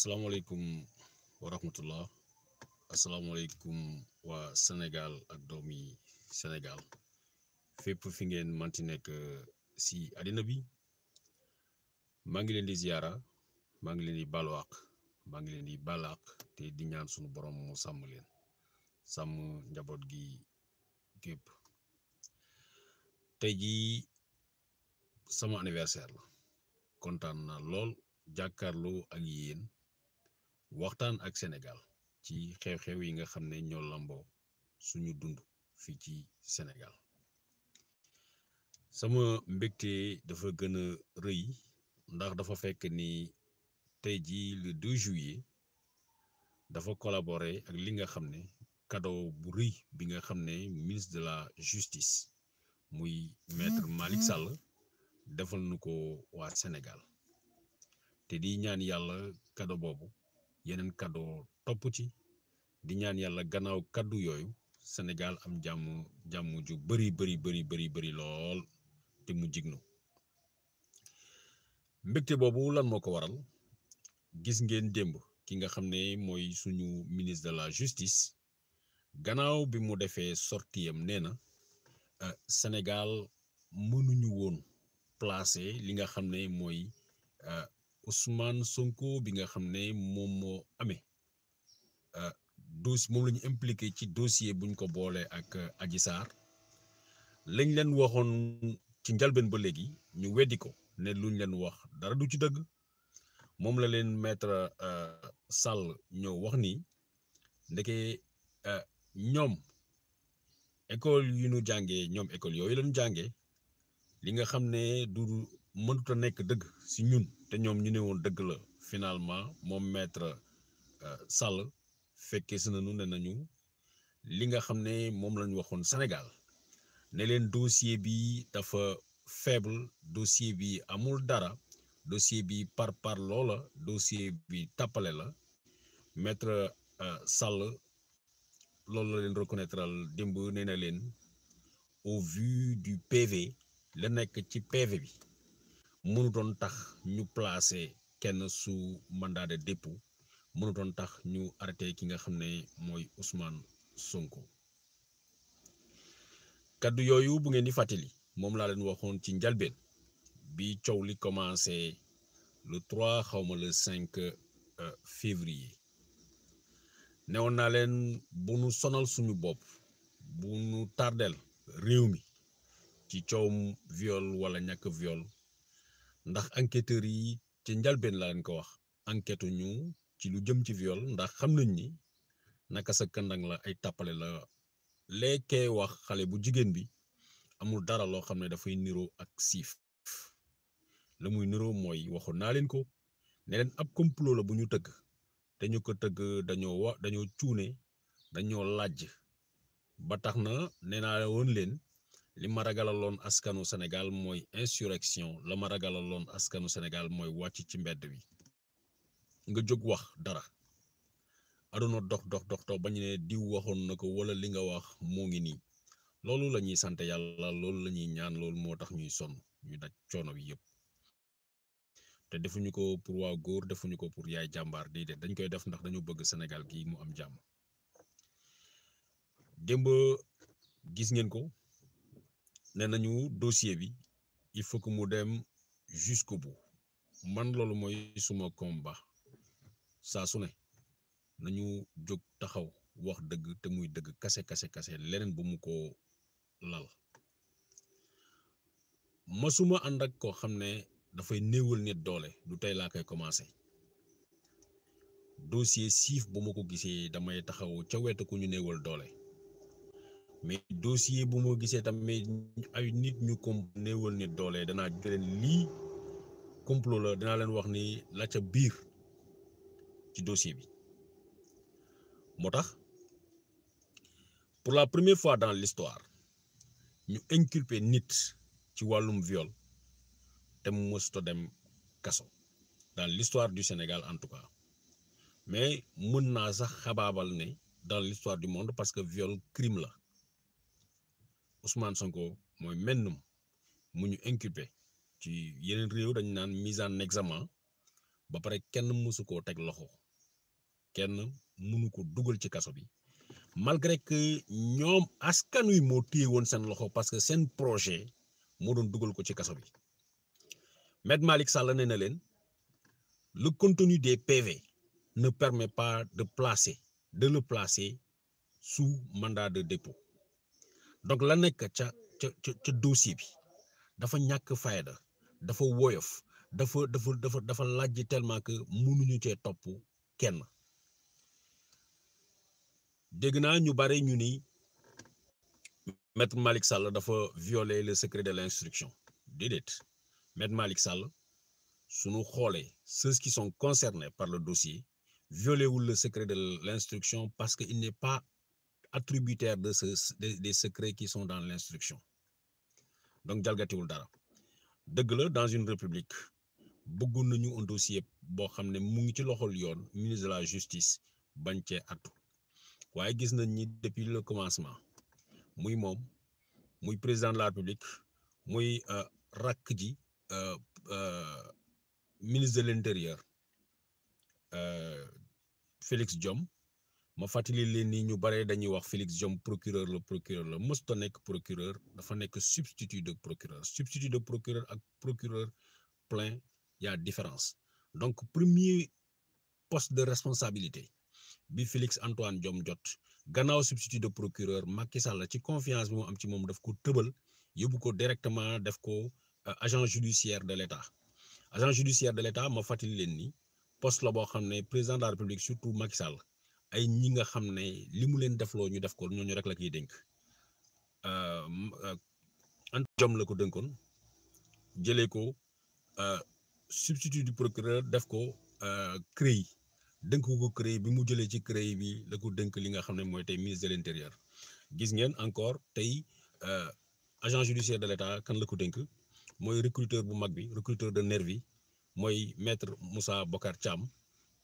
Assalamualaikum warahmatullah. Assalamualaikum wa senegal ak domi Senegal. Fepp fi ngeen ti nek si Adinabi, bi Ma ngi len di ziyaara ma ngi len di balwaq, ma ngi len di baal te di ñaan suñu borom mu sam len. Sam njabot gi gep. Tay sama anniversaire la Kontan na lol jakarlo ak yeen waxtaan ak Sénégal ci xew-xew yi nga xam ne ñoo lamboo suñu dund fii ci Sénégal sama mbégte dafa gën a rëy ndax dafa fekk ni tey jii le juillet dafa collaborer ak li nga xam ne cadeau bu rëy bi nga xam ne ministre de la justice muy maître mm-hmm. Malick sàll defal nu ko waa Sénégal te di ñaan yàlla kado boobu. yeneen cadeau topp ci di ñaan yàlla gannaaw kàddu yooyu Sénégal am jàmm jàmm ju bari bëri bëri bari lool te mu jig jignu mbégte boobu lan moo ko waral gis ngeen démb ki nga xam ne mooy suñu ministre de la justice gannaaw bi mu defee sorti am nee na euh, Sénégal mënuñu woon placer li nga xam ne mooy euh, Ousmane Sonko bi nga xam ne moom moo amee euh, dossier moom la ñu impliqué ci dossier buñ ko boolee ak euh, Adji Sarr lañ leen waxoon ci njalbeen ba léegi ñu weddi ko ne luñ leen wax dara du ci dëgg moom la leen maître euh, Sall ñoo wax ni ndeke ñoom école yu ñu jàngee ñoom école yooyu lañu jàngee li nga xam ne du mënut a nekk dëgg si ñun. te ñom ñu ne la finalement mon maître euh, Sall fekkee si nañu né nañu li nga xamné ne lañ lañu Sénégal né dossier bi dafa faible dossier bi amul dara dossier bi par par lola dossier bi tapalé la maître euh, Sall loolu la reconnaître démb né na leen au vu du PV la nek ci PV bi mënutoon tax ñu placé kenn sous mandat de dépôt mënutoon tax ñu arrêté ki nga xam ne mooy Ousmane Sonko kàddu yooyu bu ngeen di fàttali moom laa leen waxoon ci njalbeen bi coow li commencé le 3 xawma le 5 euh, février newoon naa leen bu nu sonal suñu bopp bu nu tardel réew mi ci coowum viol wala ñàkk viol ndax enquêteurs yi ci njalbeen la leen ko wax enquête ñu ci lu jëm ci viol ndax xam nañ ni naka sa kandang la ay tàppale la lekkee wax xale bu jigéen bi amul dara loo xam ne dafay niroo ak siif la muy niroo mooy waxoon naa leen ko ne leen ab complot la bu ñu tëgg te ñu ko tëgg dañoo wa dañoo cuune dañoo laaj ba tax na ne naa woon leen li ma ragalaloon askanu senegal mooy insurrection la ma ragalaloon askanu senegal mooy wàcc ci mbedd bi nga jóg wax dara aduna dox dox dox dox ba ñu ne diw waxoon na ko wala li nga wax moo ngi nii loolu la ñuy sant yàlla loolu la ñuy ñaan loolu moo tax ñuy sonn ñu daj coono bi yëpp te defuñu ko pour waa góor defuñu ko pour yaay jàmbaar di de dañ koy def ndax dañu bëgg senegal gi mu am jàmm démb gis ngeen ko. ne nañu dossier bi il faut que mu dem jusqu'au bu man loolu mooy suma combat saa su ne nañu jóg taxaw wax dëgg te muy dëgg kase kase kase leneen bu mu ko lal suma ànd ak koo xam ne dafay néewal nit doole du tey laa koy commencé dossier siif bu ma ko gisee damay taxaw ca wetu ku ñu néewal doole mais dossier bu mo gisee tamit ay nit ñu comme néewal ne doole danaa leen li complot la danaa un wax ni la ca bir ci dossier bi motax pour la première fois dans l'histoire ñu qui nit ci walum viol te mësuta dem kasso dans l'histoire du Sénégal en tout cas mais mën naa sax xababal ne dans l'histoire du monde parce que viol crime la Ousmane Sonko moy mennum muñu ñu inculpé ci yeneen réew dañ naan mise en examen ba paré kenn musuko tek loxo kenn mënu ko dugal ci kasso bi malgré que ñom askan wi moo téye woon seen loxo parce que sen projet moo doon dugal ko ci kasso bi Maître Malik Sall nee na leen le contenu des PV ne permet pas de placer de le placer sous mandat de dépôt donc la nek ca ca ca dossier bi dafa ñak fayda dafa woyof dafa dafa dafa dafa laaj tellement que mënu ñu cee top kenn dégg naa ñu bare ñu ni maître malik Sall dafa violer le secret de l'instruction déedéet maître malik Sall suñu xolé ceux qui sont concernés par le dossier violé le secret de l'instruction parce qu'il n'est pas attributaire de des, secrets qui sont dans l'instruction donc jalgatiwul dara dëgg dans une république nous avons un dossier qui est le mu ministre de la justice Banche Atou. attu gis depuis le commencement muy mom, muy président de la république muy euh, rakk ji euh, euh, ministre de l'intérieur Félix Diom, ma fàttali leen ni ñu bare dañuy wax Félix Diom procureur le procureur le mustonek nekk procureur dafa nekk substitut de procureur substitut de procureur ak procureur plein il y a différence donc premier poste de responsabilité bi Félix Antoine Diom jot gannaaw substitut de procureur Macky Sall ci confiance bi mu am ci moom daf ko tëbal ko directement euh, agent judiciaire de l'État agent judiciaire de l'État ma fàttali leen ni poste la président de la République surtout Macky Sall ay ñi nga xam ne li mu leen def defloo ñu def ko ñooñu rek la koy dénk euh, euh, Anta Diome la ko dénkoon jëlee ko euh, substitut du procureur def ko CREI dénk ko CREI bi mu jëlee ci CREI bi la ko dënk li nga xam ne mooy tey ministre de l'intérieur gis ngeen encore tey agent judiciaire de l'État kan la ko dénk mooy recruteur bu mag bi recruteur de nervi mooy maître mussa Bokar Thiam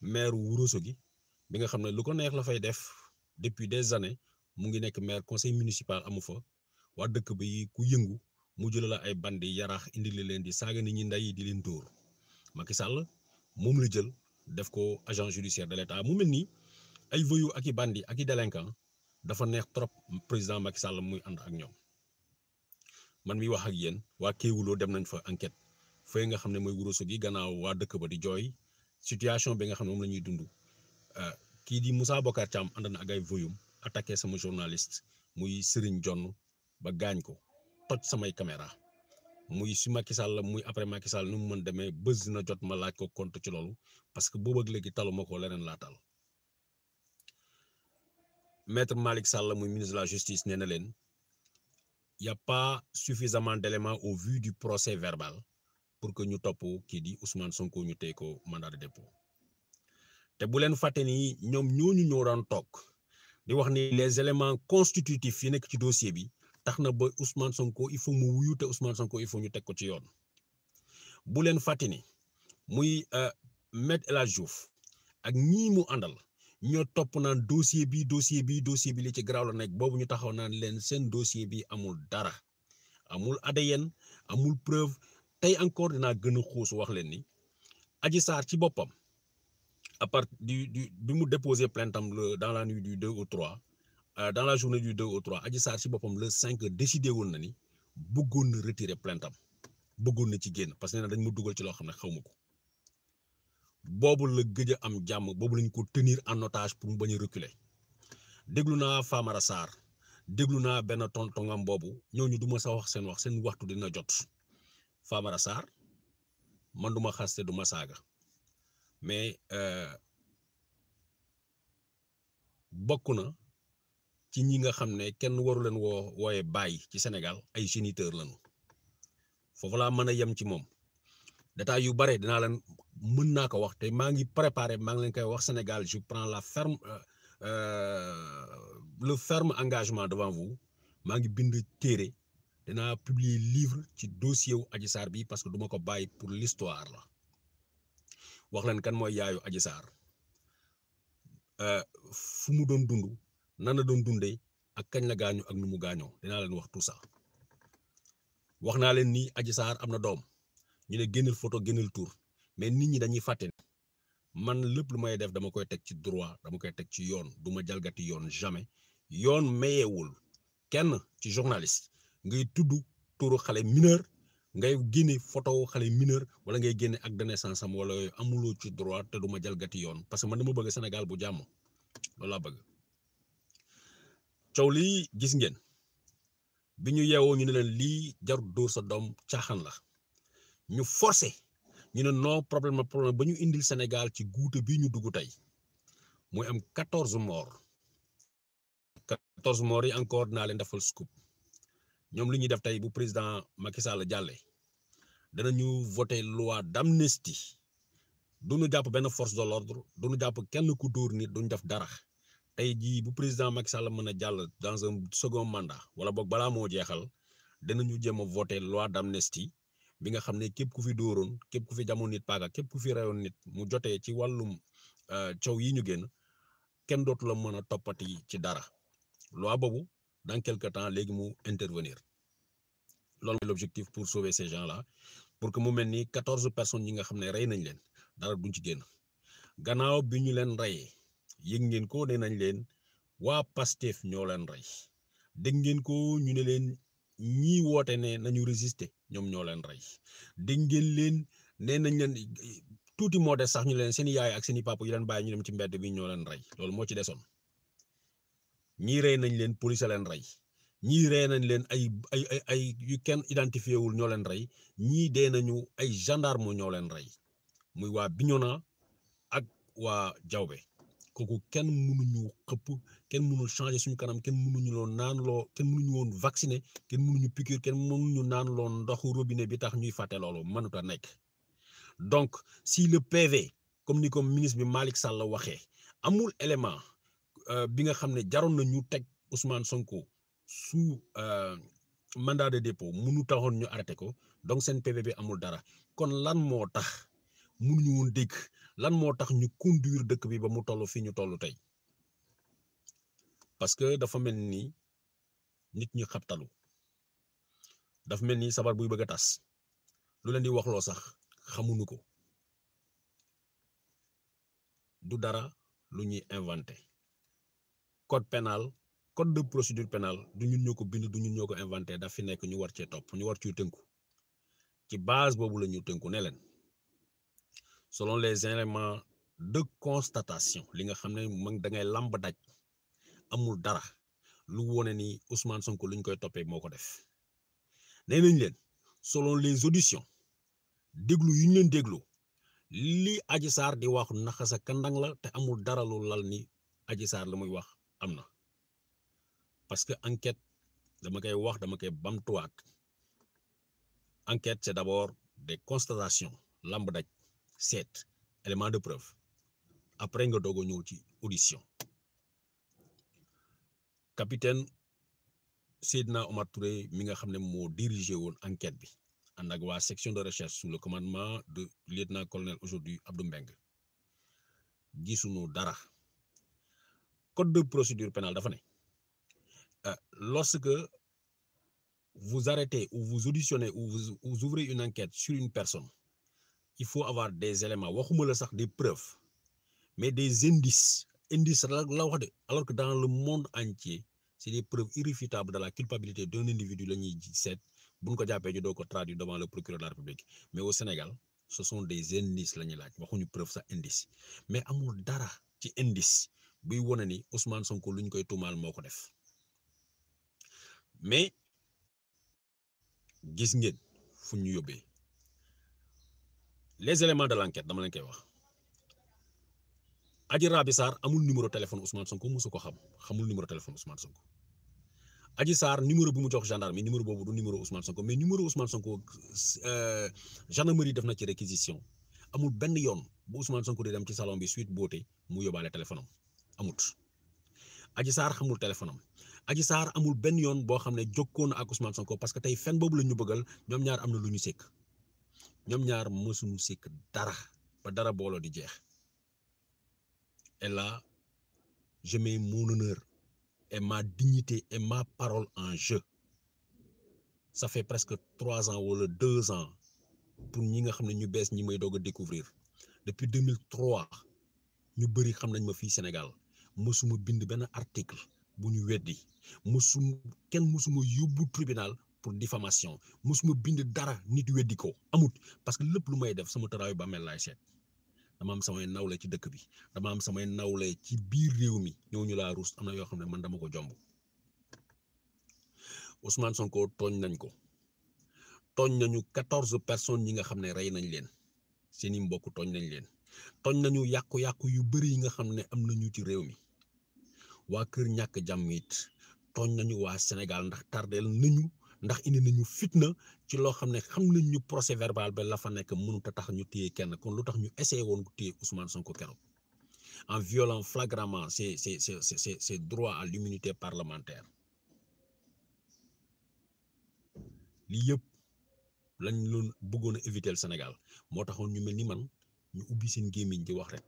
maire Wourossogui gi bi nga xam ne lu ko neex la fay def depuis des années mu ngi nekk maire conseil municipal amu fa waa dëkk bi ku yëngu mu jëla la ay bandi yaraax indi li leen di saaga nit ñi ndey di leen dóor Macky Sall moom la jël def ko agent judiciaire de l'État mu mel nii ay voyous ak i bandi ak i délinquant dafa neex trop président Macky Sall muy ànd ak ñoom man mi wax ak yéen waa kéewuloo dem nañ fa enquête fay nga xam ne mooy wuroso gi gannaaw waa dëkk ba di jooy situation bi nga xam ne moom la ñuy dund Euh, kii di Moussa Bocar Thiam ànd na ak ay voyum attaqué sama journaliste muy Serigne Jonn ba gaañ ko toj samay caméra muy su Macky Sall muy après Macky Sall nu mu mën demee bës na jot ma laaj ko compte ci loolu parce que boobu ak léegi talu ma ko leneen laa tal maître Malick Sall muy ministre la justice nee na leen y' a pas au vu du procès verbal pour que ñu topp kii di Ousmane Sonko ñu tey ko mandat de dépôt. te bu leen fàtte ni ñoom ñooñu ñoo doon toog di wax ni les éléments constitutifs yi nek ci dossier bi taxna ba Ousmane Sonko il faut mu wuyu Ousmane Sonko il faut ñu tek ko ci yoon bu leen fàtte ni muy euh, Maître El Hadji Diouf ak ñi mu andal ñoo top naan dossier bi dossier bi dossier bi li ci garaaw la nekk boobu ñu taxaw naan len sen dossier bi amul dara amul adayen amul preuve tay encore dina gëna xoos wax len ni Adji sar ci bopam à part du, du, du déposer plainte dans la nuit du 2 au 3, euh, dans la journée du 2 au 3, Adji Sarr si le 5 décidé woon Nani Bougoun retirer plainte am ne ci parce que na dañ ma dugal ci loo xam ne xaw ma ko boobu Bobo, am jàmm boobu lañ ko tenir en otage pour mu reculer déglu naa Famara Sarr déglu naa benn tontongam ne ñooñu du ma sa wax seen wax seen waxtu dina jot Famara Sarr man du ma xaste du mais euh, beaucoup na ci ñi nga xamné ne kenn waru len wo wooye bay ci Sénégal ay géniteur lañu fofu la mëna yam ci mom data yu bare dina leen mën naa ko wax té ma ngi préparer ma ngi len koy wax Sénégal je prends la ferme euh, euh, le ferme engagement devant vous ma ngi bind téré dina publier livre ci dossier wu Adji Sarr bi parce que duma ko bàyyi pour l'histoire la wax leen kan mooy yaayu Adji Sarr euh, fu mu doon dund nan la doon dundee ak kañ la gaañu ak nu mu gaañoo dinaa leen wax tout wax naa leen ni Adji Sarr am na doom ñu ne génneel photo génneel tour mais nit ñi dañuy fàtte man lépp lu may def dama koy teg ci droit dama koy teg ci yoon du ma jalgati yoon jamais yoon mayeewul kenn ci journaliste ngay tudd turu xale mineur ngay gini photo xalé mineur wala ngay guéné ak de naissance am wala amulo ci droit té duma jël gati yoon parce que man dama bëgg Sénégal bu jamm loolu la bëgg coow lii gis ngeen biñu yéwo ñu neen li jar door sa dom la ñu forcé ñu ne no problème problème bañu indil Sénégal ci goute bi ñu duggu tay. moy am 14 morts 14 morts yi encore na leen defal scoop. ñoom li ñuy def tey bu président Macky jàlle dana ñu voté loi d'amnistie du ñu jàpp benn force de l'ordre du ñu jàpp kenn ku dóor nit duñu def dara tey jii bu président Macky Sall mën a jàll dans un second mandat wala boog balaa moo jeexal danañu jéem a voté loi d'amnistie bi nga xam ne képp ku fi dóoroon képp ku fi jamoon nit paaga képp ku fi reyoon nit mu jotee ci wàllum euh, cow yi ñu génn kenn dootu la mën a toppati ci dara loi boobu dans quelque temps léegi mu intervenir l'objectif pour sauver ces gens-là pour que mu menions 14 personnes yi nga xamné ray nañ len dara duñ ci gannaaw biñu len ray ko de nañ len wa Pastef ñoo len ray ngeen ko ñu ne len ñi ne nañu résister ñom ñoo len ray ngeen len né nañ len touti sax ñu seen yaay ak seen papa yi police ñi rey nañ leen ay ay ay yu kenn identifié wul ñoo leen rey ñii dee nañu ay gendarme ñoo leen rey muy waa biñona ak waa jawbe kooku kenn mënuñu xëpp kenn mënul changer suñu kanam kenn mënuñu loo naan loo kenn mënuñu woon vacciner kenn mënuñu piqûre kenn mënuñu naan loo ndoxu robinet bi tax ñuy fàtte loolu mënut a nekk donc si le PV comme ni ko ministre bi Malick Sall waxee amul élément euh, bi nga xam ne jaroon na ñu teg Ousmane Sonko. sous euh, mandat de dépôt mënu taxone ñu arrêté ko donc sen PV amul dara kon lan mo tax ñu won dégg lan mo tax ñu conduire dëkk bi ba mu tollu fi ñu tollu tay parce que dafa melni nit ñi xaptalu dafa melni sabar buy bëgg tass lu leen di lo sax xamuñu ko du dara lu ñuy inventer code pénal code de procédure pénale du ñun ñoo bind du ñun ñoo ko inventé fi nek ñu war ci top ñu war ci teunku ci base bobu la ñu teunku ne len selon les éléments de constatation li nga xamné mo ngay lamb daj amul dara lu woné ni Ousmane Sonko luñ koy topé moko def né nañ len selon les auditions déglu yu ñu li Adji sar di wax sa kandang la te amul dara lu lal ni Adji Sarr la muy wax amna parce que enquête dama kay wax dama kay enquête c'est d'abord des constatations lamb sept éléments de preuve après nga dogo a ci audition capitaine Sidna Omar Touré mi nga xamné mo diriger dirigé enquête bi and ak section de recherche sous le commandement de lieutenant-colonel aujourd'hui Abdou Mbeng gisuñu dara code de procédure pénale dafa né euh, lorsque vous arrêtez ou vous auditionnez ou vous, ouvrez une enquête sur une personne, il faut avoir des éléments, des preuves, mais des indices. indices alors que dans le monde entier, c'est des preuves irréfutables de la culpabilité d'un individu, le 17, traduit devant le procureur de la République. Mais au Sénégal, ce sont des indices, des preuves, ça, indices. Mais amour dara, qui indice, Ousmane Sonko, l'unique mais gis ngeen fu ñu yóbbee les éléments de l'enquête dama len koy wax aji rabissar amul numéro téléphone Ousmane Sonko mosu ko xam xamul numéro téléphone Ousmane Sonko aji sar numéro bu mu jox gendarme numéro bobu du numéro Ousmane Sonko mais numéro Ousmane Sonko euh, gendarmerie def na ci réquisition amul ben yoon bu Ousmane Sonko di dem ci salon bi suite beauté mu yobale téléphone am amut aji sar xamul téléphone am Adji amul ben yoon bo xamné ne ak Ousmane Sonko parce que tay fen bobu la ñu bëggal ñom ñaar amna luñu sék ñom sikk ñoom ñaar mësuñu sikk dara ba dara booloo di jeex et là je mets mon honneur et ma dignité et ma parole en jeu ça fait presque 3 ans wala 2 ans pour ñi nga xamné ñu bëss ñi may doog découvrir depuis 2003 ñu bëri xam nañ ma fi Sénégal musuma bind ben article bu ñu weddi musum kenn musuma yobbu tribunal pour diffamation musuma bind dara nit weddi ko amut parce que lepp lu may def sama ba mel lay seet dama am samay nawlé ci dëkk bi dama am samay nawlé ci biir réew mi ñooñu laa ruus am na yoo man dama ko jomb Ousmane Sonko togn nañ ko togn nañu 14 personnes yi nga xamné ray nañ leen seeni mbokk togn nañ leen togn nañu yu bëri yi nga xamné am nañu ci réew mi wa keur ñak jammit togn nañu wa senegal ndax tardel nañu ndax indi nañu fitna ci lo xamne ne xam nañ ñu procès verbal ba la fa nek mënu ta tax ñu tiyé kenn kon lu tax ñu essayé won ko tiyé Ousmane Sonko kéro en violant flagramment c'est c'est c'est c'est droit à l'immunité parlementaire li yëpp lañ loon bëggoon éviter le Sénégal mo taxone ñu melni man ñu ubbi seen gémmiñ di wax rek.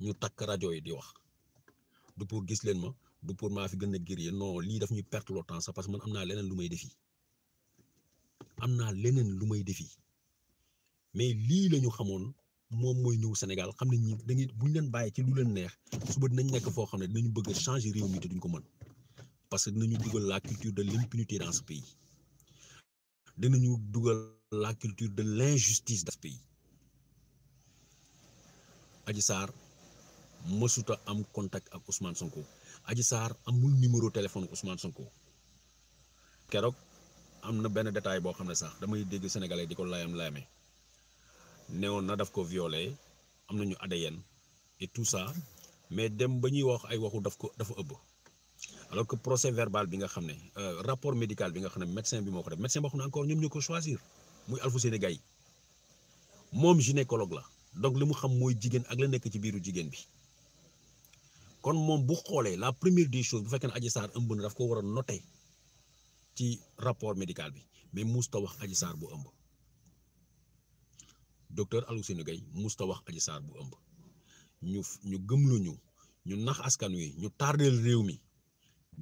ñu takk rajo yi di wax du pour gis leen ma du pour maa fi gën a guerrier non lii daf ñu perte le temps sax parce que man am naa leneen lu may defi naa leneen lu may defi mais lii la ñu xamoon moom mooy ñëw Sénégal xam ne ñi dañuy bu ñu leen bàyyi ci lu leen neex suba dinañ nekk foo xam ne dinañu bëgg a changer réew mi te duñ ko mën parce que dinañu dugal la culture de l'impunité dans ce pays dinañu dugal la culture de l'injustice dans ce pays Adji Sarr mësuta am contact ak Ousmane Sonko Adji Sarr amul numéro téléphone Ousmane Sonko keroog am na benn détail boo xam ne sax damay dégg sénégalais di ko layam layame newoon na daf ko violé am nañu ADN et tout ça mais dem ba ñuy wax ay waxu daf ko dafa ëbb alors que procès verbal bi nga xam ne euh, rapport médical bi nga xam ne médecin bi moo ko def médecin boo xam ne encore ñoom ñoo ko choisir muy Alfousseyni Gaye moom gynécologue la donc li mu xam mooy jigéen ak la nekk ci biiru jigéen bi kon mom bu xolé la première des choses bu fekkee ne Adji Sarr ëmb na daf ko wara noté ci rapport médical bi mais musta wax Adji Sarr bu ëmb docteur Alioune gay musta wax Adji Sarr bu ëmb ñu ñu lu ñu ñu nax askan wi ñu tardel rew mi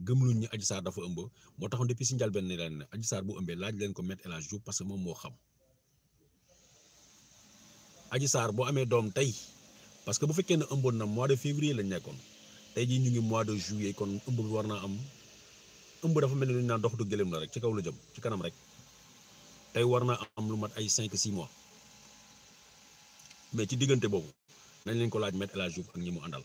lu ñu Adji Sarr dafa ëmb moo taxon depuis si ben ne leen ne Adji bu ëmbee laaj leen ko mettre El jour parce que mom mo xam Adji Sarr boo amee doom parce que bu fekkee ne na mois de février lañ nekkoon tay ji ñu ngi mois de juillet kon ëmb bi war na am ëmb dafa melni ni lu ñu naan dox du gelem la rek ci kaw la jëm ci kanam rek tay war na am lu mat ay 5 6 mois mais ci digënté bobu nañ leen ko laaj mettre la jouf ak ñi mu àndal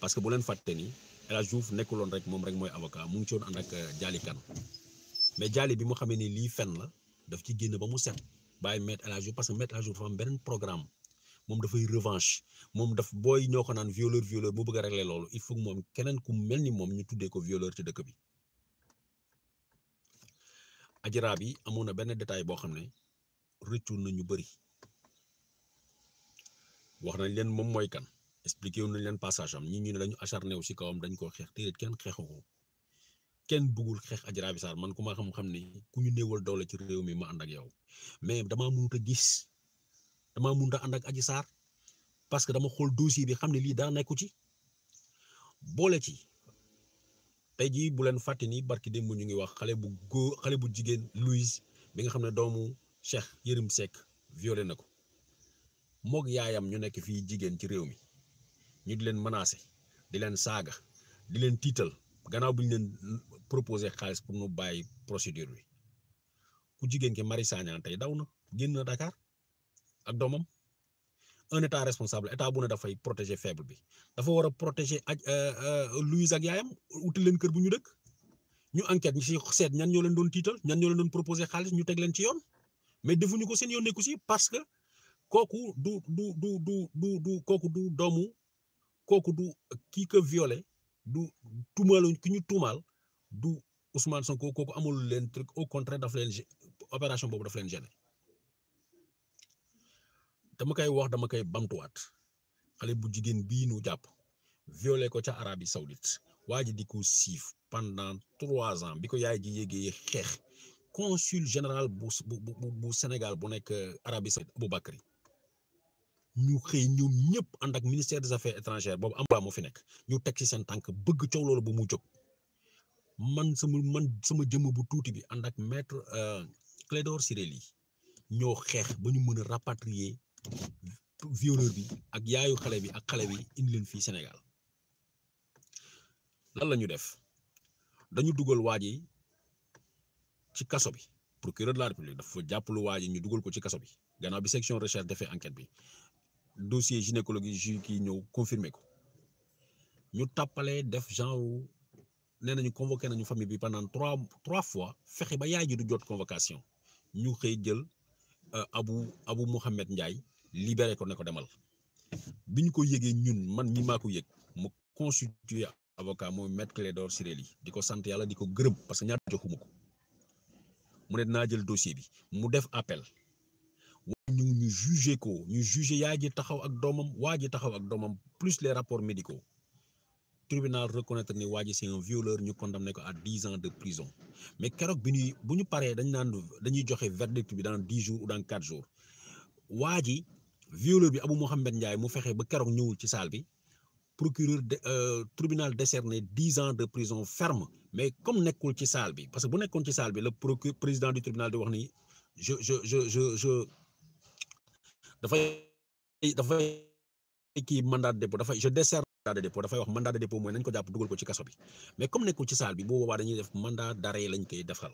parce que bu leen fàtte ni la jouf nekkulon rek mom rek moy avocat mu ngi ci won and ak euh, jali kan mais jali bi mu xamé ni li fenn la daf ci génn ba mu set bàyyi mettre la jouf parce que mettre la jouf Diouf dafa am beneen programme. mom da fay revanche mom daf boy ñoko nan violeur violeur bu bëgg a régler loolu il faut mom kenen ku melni mom ñu tuddé ko violeur ci dëkk bi. Ajara bi amoon na détail bo xamné ne rëccu na ñu bëri wax nañ leen mom moy kan expliqué wu nañ leen passage am ñi ñu ne dañu acharné wu ci kawam dañ ko xex te kenn xeexu ko kenn bëggul xex Ajara bi Sarr man kuma xam-xam ne ku ñu néwul doole ci réew mi ma and ak yow mais dama mënut gis. dama munda and ak aji sar parce que dama xol dossier bi xam li da daa nekku ci bolé ci tay ji bu len fàtte ni barki dem ñu ngi wax xalé bu góor bu jigen Louise bi nga xam doomu Cheikh Yérim sek violé na mok yaayam ñu nekk fi jigen ci réew mi ñu di len menacer di len saga di len tiital ganaw bi len proposer xaliss pour nous bay procédure bi ku jigen ke tay dawna na Dakar. ak doomam un état responsable état bu ne dafay protéger faible bi dafa war a protéger aj euh, euh, Louise ak yaayam utal leen kër bu ñu dëkk ñu enquête ñu si seet ñan ñoo leen doon tiital ñan ñoo leen doon proposer xaalis ñu teg leen ci yoon mais defuñu ko seen yoon nekku si parce que kooku du du du du du du kooku du doomu kooku du kii ko violé du tuumaaluñ ki ñu tuumaal du Ousmane Sonko kooku amul leen truc au contraire daf leen opération boobu daf leen gêner dama koy wax dama koy bamtuwaat xale bu jigéen bii nu jàpp violé ko ca Arabie Saoudite waa ji di ko siif pendant trois ans bi ko yaay ji yéegee xeex consul général bu senegal bu Sénégal bu nekk Arabie Saoudite Aboubacry ñu xëy ñoom ñëpp ànd ak ministère des affaires étrangères boobu am baa moo fi nekk ñu teg ci seen tànk bëgg coow loolu bu mu jóg man sama man sama jëmm bu tuuti bi ànd ak maître euh, Clédor Ciré Ly ñoo xeex ba ñu mën a rapatrier violeur bi ak yaayu xale bi ak xale bi indi leen fii Sénégal lan la ñu def dañu dugal waa ci kaso bi procureur de la république dafa jàppalu lu ji ñu dugal ko ci kaso bi gannaaw bi section recherche defee enquête bi dossier gynécologie ju kii ñëw confirmer ko ñu tàppalee def genre nee nañu convoqué nañu famille bi pendant trois trois fois fexe ba yaay ji du jot convocation ñu xëy jël euh, abu abu Mohamed Ndiaye libéré ko ne ko demal ko constitué avocat maître Clédor parce que ñaar mu dossier bi mu appel ñu ñu jugé ko ñu jugé taxaw ak taxaw ak plus les rapports médicaux tribunal reconnaître ni c'est un violeur ñu condamné à 10 ans de prison mais kérok bi nous verdict dans 10 jours ou dans 4 jours violeur bi Abou Mohamed Ndiaye mu fexé ba kérok ñewul ci salle bi procureur de euh, tribunal décerné 10 ans de prison ferme mais comme nekul ci salle bi parce que bu nekkon ci salle bi le procureur, président du tribunal de wax ni je je je je je da fay kii mandat de dépôt fay je décerne mandat de dépôt fay wax mandat de dépôt mooy nañ ko japp duggal ko ci kasso bi mais comme nekkul ci salle bi bo boobaa dañuy def mandat d'arrêt lañ koy defal.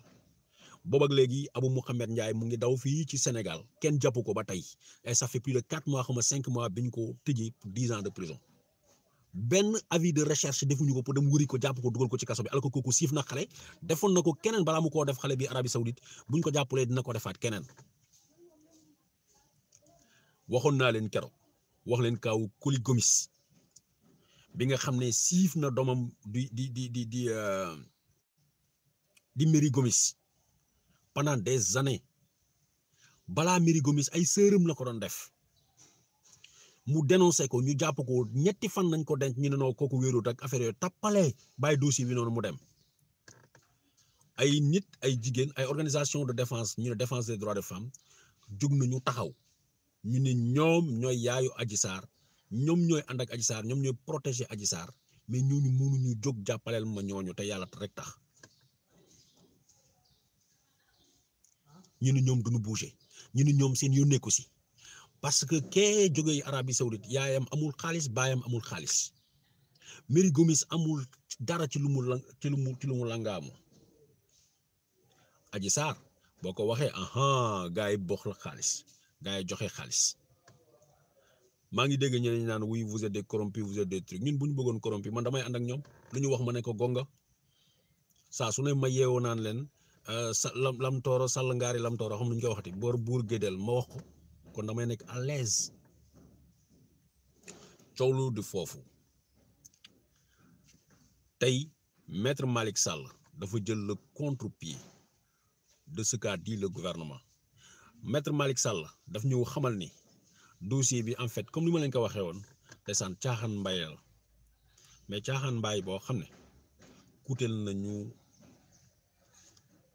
boobak léegi Abou Mouhamed Ndiaye mu ngi daw fii ci Sénégal kenn jàpp ko ba tey et ça fait plus de quatre mois xama cinq mois biñ ko tëjee pour dix ans de prison benn avis de recherche defuñu ko pour dem wuri ko jàpp ko dugal ko ci kaso bi alors que kooku siif na xale defoon na ko keneen balaa mu koo def xale bi Arabie Saoudite buñ ko jàppalee dina ko defaat keneen waxoon naa leen keroog wax leen kaaw Koli Gomis bi nga xam ne siif na doomam di di di di di euh, di Merry Gomis pendant des années balaa Mary Gomis ay sërëm la ko doon def mu dénoncé ko ñu jàpp ko ñetti fan nañ ko denc ñu ne noo kooku wéerut ak affaire yooyu tappalee bàyyi dossier bi noonu mu dem ay nit ay jigéen ay organisation de défense ñu ne défense des droits de femme jug na ñu taxaw ñu ne ñoom ñooy yaayu Adji Sarr ñoom ñooy ànd ak Adji saar ñoom ñooy protéger aji saar mais ñu mënuñu jóg jàppaleel ma ñooñu te yàlla rek tax. ñu ñoom duñu bouger ñu ne ñoom seen yónnee nekku si parce que kee jógee Arabie Saoudite yaayam amul xaalis baayam amul xaalis Mary Gomes amul dara ci lu mu la ci mu ci mu langaamu Adji Sarr boo ko waxee aha gars yi bokk la xaalis gars yi joxe xaalis maa ngi dégg ñeneen ñi naan oui vous êtes des corrompus vous êtes ñun bu ñu bëggoon corrompu man damay ànd ak ñoom lu ñu wax ma ne ko gonga saa su ne ma yeewoo naan leen Eh, lam lam tooro sàll ngaari lam toro, xam nuñ koy waxati bor buur gédeel ma wax ko kon damay nekk à l'aise coow lu du foofu maître Malick Sall dafa jël le contre-pied de ce qu'a dit le gouvernement maître Malik Sall daf ñëw xamal ni dossier bi en fait comme ni ma leen ko waxee woon te saan caaxaan mbaye mais caaxaan nañu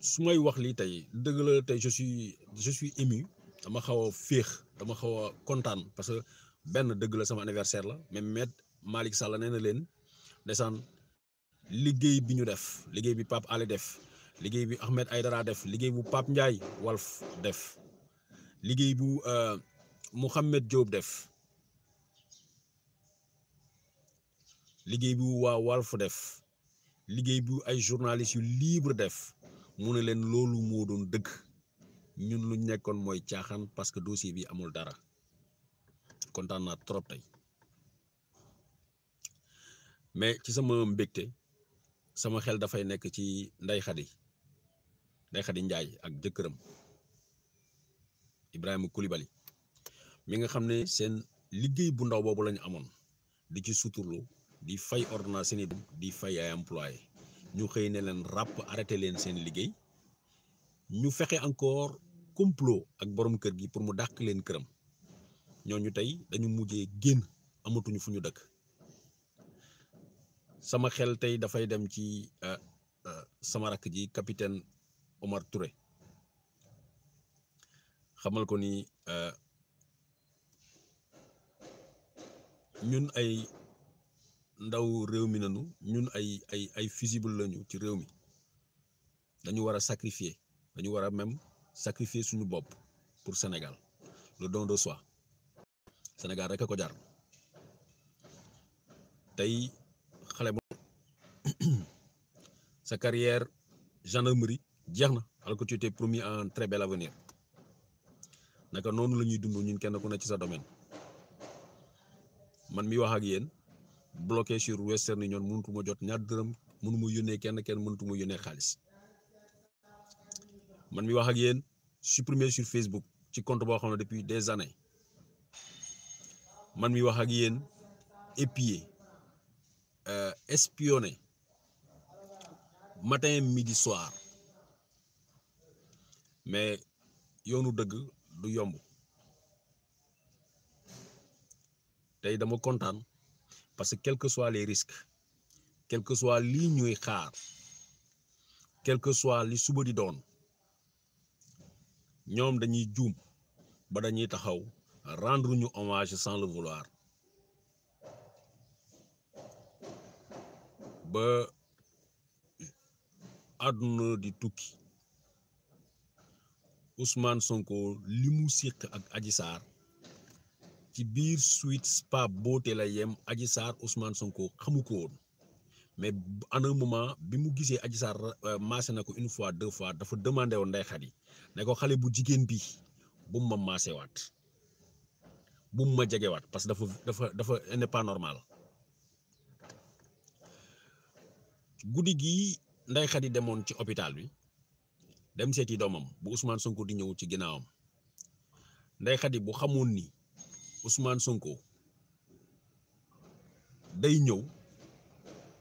sumay wax li tay deug la tay je suis je suis ému dama xawa feex dama xawa contane parce que ben deug la sama anniversaire la mais met malik Sall nee len desan ndeysaan bi ñu def liggéey bi pap ali def liggéey bi Ahmed Aïdara def liggéey bu pap Ndiaye Walf def liggéey bu euh, Muhammad Job def liggéey bu wa Walf def liggéey bu ay journalistes yu libre def mu ne leen loolu moo doon dëgg ñun luñ nekkoon mooy caaxaan parce que dossier bi amul dara kontaan naa trop tey mais ci sama mbégte sama xel dafay nekk ci nday xadi nday njaay ak jëkkëram Ibrahima Koulibaly mi nga xam ne seen liggéey bu ndaw boobu lañu amoon di ci suturlu di fay ordonnance seeni di fay ay ñu xëy ne leen ràpp arrêté leen seen liggéey ñu fexe encore complot ak borom kër gi pour mu dàq leen këram ñooñu tey dañu mujje génn amatuñu fu ñu dëkk sama xel tey dafay dem ci euh, euh, sama rakk ji capitaine Omar Touré xamal ko ni euh, ñun ay ndaw réew nanu ñun ay ay ay sacrifier même pour Sénégal le don de soi Sénégal rek ko jar tay bu sa carrière gendarmerie jeex alors que tu étais promis un très bel avenir naka nonu lañuy dund ñun kenn domaine man mi wax ak bloqué sur Western Union mënutu ma jot ñaar dërëm mënu ma yónnee kenn kenn mënutu ma yónnee xaalis man mi wax ak yéen supprimé sur Facebook ci compte boo xam ne depuis des années man mi wax ak yéen épié euh, espionné matin midi soir mais yoonu dëgg du yomb tey dama kontaan. parce que quels que soient les risques quel que soit les ñuy quels quel que soit les suba di doon ñoom dañuy juum rendre hommage sans le vouloir ba àdduna di tukki Ousmane Sonko li mu ak ci biir suite spa beauté la yem Adji Sarr Ousmane Sonko xamuko won mais en un moment bi mu gisee Adji Sarr euh, maase nako une fois deux fois dafa demandé won Ndeye xali ne ko bu jigen bi bu ma ma wat bu ma djégé wat parce dafa dafa dafa n'est pas normal goudi gi Ndeye xadi demone ci hôpital bi dem seeti domam, bu Ousmane Sonko di ñew ci ginaawam Ndeye xadi bu xamone ni. Ousmane Sonko day ñëw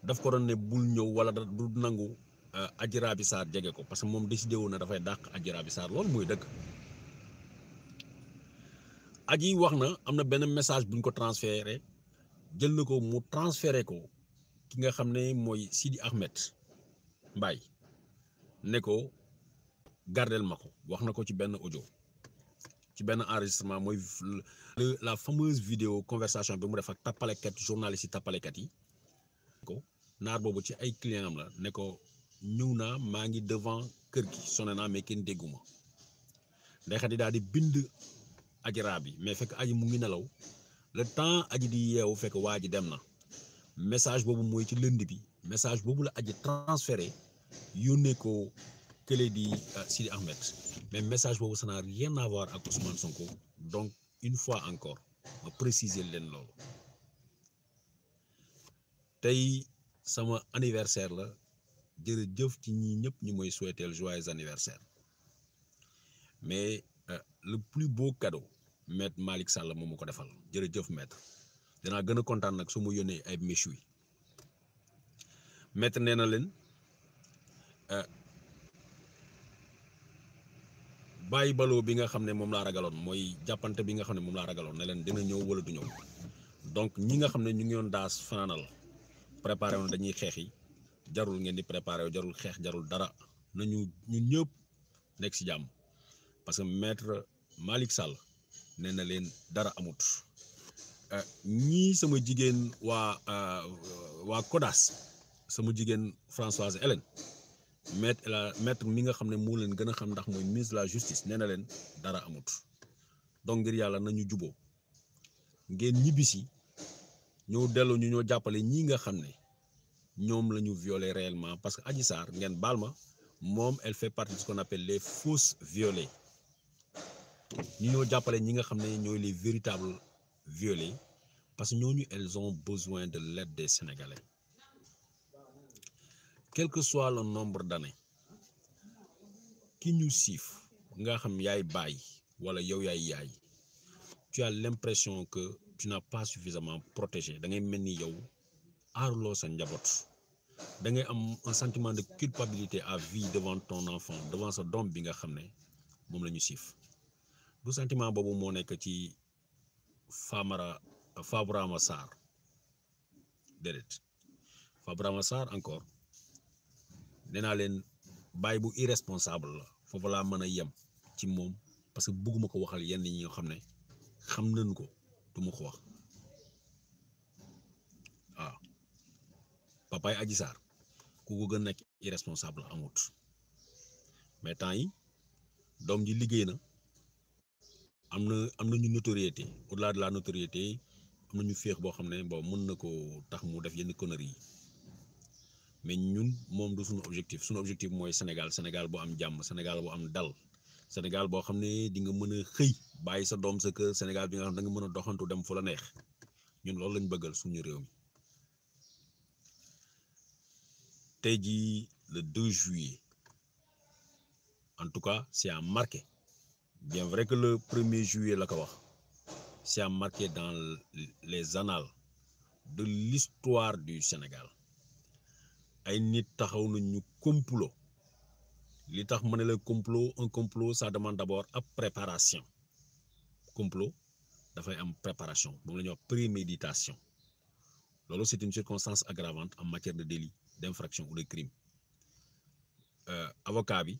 daf ko doon ne bul ñëw wala du nangu eh, Adji Raby jege ko parce que moom décidé wu na dafay dàq Adji Raby Sarr loolu mooy dëgg aji wax na am na benn message buñ ñu ko transféré jël na ko mu transféré ko ki nga xam ne mooy Sidi Ahmed mbaay ne ko gardel ma ko wax na ko ci benn ojo ci ben enregistrement moy la fameuse vidéo conversation bi mu def ak tappalekat journaliste yi tappalekat yi ko nar bobu ci ay client am la ne ko ñëw ngi devant kër gi sonné naa mais les dégguma d'adi xadi daal di bind ajira bi mais fekk aji mu ngi nelaw le temps aji di yeewu fekk que ji dem na message bobu moy ci lënd bi message bobu la aji transféré yone ko kële di euh, Sidi Ahmed mais message vous ça n'a rien à voir avec Ousmane Sonko donc une fois encore ma préciser leen loolu tay sama anniversaire la jërëjëf ci ñi ñep ñi moy souhaiter joyeux anniversaire mais euh, le plus beau cadeau maître malik Sall moom ma ko defal jërëjëf maître dina gëna a nak nag su ma yónnee ay méchoui maître néna na euh, bàyyi balu bi nga ne moom laa galon mooy jàppante bi nga xam ne moom laa galon ne len dina ñëw wala du ñëw donc ñi ne ñu ngi yoon daas fanaanal préparé woon dañuy jarul ngeen di préparé jarul xeex jarul dara nañu ñun ñëpp nek si jam parce que maître sal Sall nee len dara amut euh, ñii sama jigen wa euh, wa Kodas sama jigen Françoise Hélène maître la maître mi nga donc mo xam ndax la justice dara donc ngir nañu ngeen ñibisi ñoo nga réellement parce que Adji Sarr ngeen balma mom elle fait partie de ce qu'on appelle les fausses violées ñoo jappalé ñi nga les véritables violées parce que ñu elles ont besoin de l'aide des Sénégalais quel que soit le nombre d'années qui nous siif nga xam wala yow tu as l'impression que tu n'as pas suffisamment protégé Tu as un sentiment de culpabilité à vie devant ton enfant devant ce don bi nga le ne moom sentiment boobu moo que ci Fabra Fabrama Sarr déedéet encore nee naa leen bàyyi bu irresponsable la foofu laa mën a yem ci moom parce que bëgguma ko waxal yenn ñi nga xam ne xam nañ ko duma ko wax waaw papaay Adji Sarr ku ko gën nekk irresponsable amut mais temps yi doom ji liggéey na am na am na ñu notoriété au-delà de la notoriété am na ñu féex boo xam ne bon mën na ko tax mu def yenn conneries yi mais ñun moom du objectif suñu objectif Sénégal Sénégal Sénégal dal Sénégal di nga sa Sénégal bi la le 2 juillet en tout cas c'est un marqué. bien vrai que le 1er juillet la c'est un marqué dans les annales de l'histoire du Sénégal ay nit taxaw na ñu complot li tax mané complot un complot ça demande d'abord à préparation complot fay am préparation moom la préméditation c'est une circonstance aggravante en matière de délit d'infraction ou de crime euh, avocat bi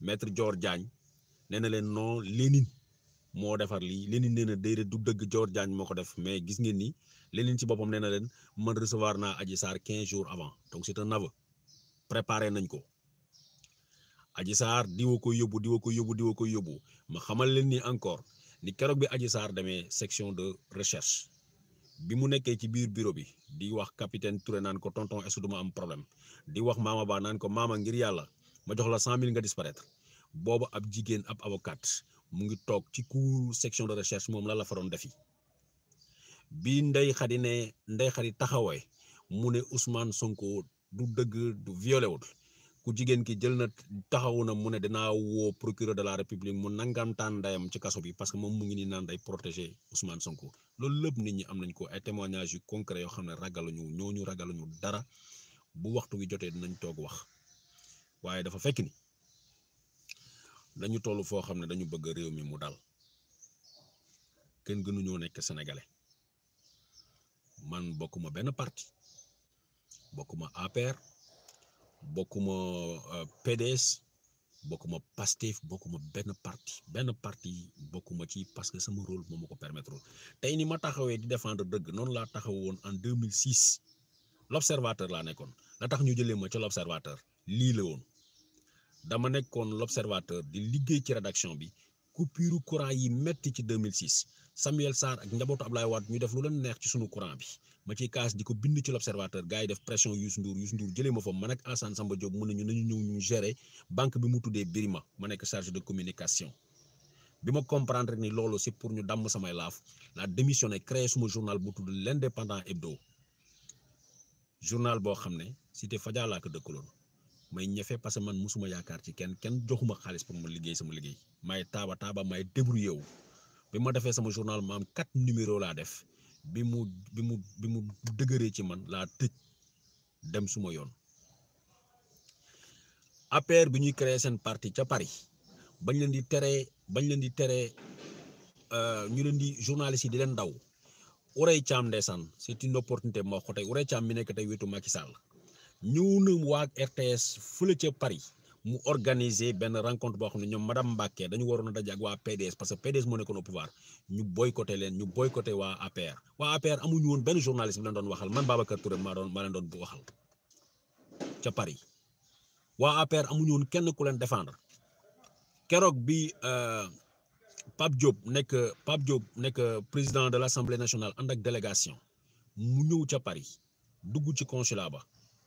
maître Georgian, Diagne Lénine mo defar li leni neena deere déedéet du dëgg Dior moko def mais gis ngeen ni leni ci bopam neena na man recevoir na Adji sar 15 jours avant donc c'est un aveu préparer nañ ko Adji Sarr diwa ko yóbbu diwa ko yóbbu diwa ko yobbu ma xamal len ni encore ni kérok bi Adji sar section de recherche bi mu nekké ci biir bureau bi di wax capitaine Touré nan ko tonton est-ce que am problème di wax mama ba nan ko mama ngir yalla ma jox la 100000 nga disparaître bobu ab jigen ab avocate. mu ngi toog ci ku section de recherche moom la la faroon defi bi ndey xadi ne ndey xadi taxawee mu ne Ousmane Sonko du dëgg du violé wul ku jigéen ki jël na taxawu na mu ne dinaa woo procureur de la république mu nangamtaan ndeyam ci kaso bi parce que moom mu ngi nii naan day protéger Ousmane Sonko loolu lépp nit ñi am nañ ko ay témoignages yu concret yoo xam ne ñoo ñu ñooñu ragaluñu dara bu waxtu wi jotee dinañ toog wax waaye dafa fekk ni. dañu tollu fo xamne dañu bëgg réew mi mu dal gënu ñoo nekk sénégalais man bokuma ben parti bokuma APR bokuma euh, PDS bokuma PASTEF bokuma ben parti ben parti bokuma ci parce que sama rôle moo ma ko permettre tay ni ma taxawé di défendre deug non la taxaw woon en 2006 l'observateur la laa la tax ñu jëlé ma ci l'observateur li la dama nekkoon l'observateur di liggéey ci rédaction bi coupure courant yi metti ci 2006 Samuel Sarr ak njabootu Ablaye Wade ñu def lu leen neex ci sunu courant bi ma ci kaas di ko bind ci l'observateur gars yi def pression Youssou Ndour Youssou Ndour jëlee ma fa man ak Assane Samba Diop mën nañu nañu ñëw ñu gérer banque bi mu tuddee Birima ma nekk charge de communication bi ma comprendre ni loolu c'est pour ñu damm samay laaf la démissionné créé suma journal bu tudd l'indépendant hebdo journal boo xam ne cité Fadia laa ko dëkkaloon may ñëfé parce que man musuma yaakar ci kenn kenn joxuma xaaliss pour ma liggéey sama liggéey may taba taba may débrouillé wu bi ma défé sama journal ma am 4 numéro la def bi mu bi mu bi mu dëgëree ci man la tej dem suma yoon APR bi ñuy créer sen parti ci Paris bañ leen di téré bañ leen di euh ñu leen di journaliste di leen daw Ore Cham desan, c'est une opportunité mo xotay ore Cham mi nekk tay wetu Macky Sall ñëw mu wa RTS full ci Paris mu organiser ben rencontre bo xam ñom madame Mbacke dañu warona a ak wa PDS parce que PDS moo nekkoon pouvoir ñu boycotter len ñu boycotter wa APR wa APR ñu won ben journaliste bi la doon waxal man Babacar Touré ma doon ma la doon waxal ci Paris wa APR ñu won kenn ku len défendre kérok bi euh, Pape Diop nek Pape Diop nek président de l'Assemblée nationale ànd ak délégation mu ñëw ci Paris dugg ci consulat ba.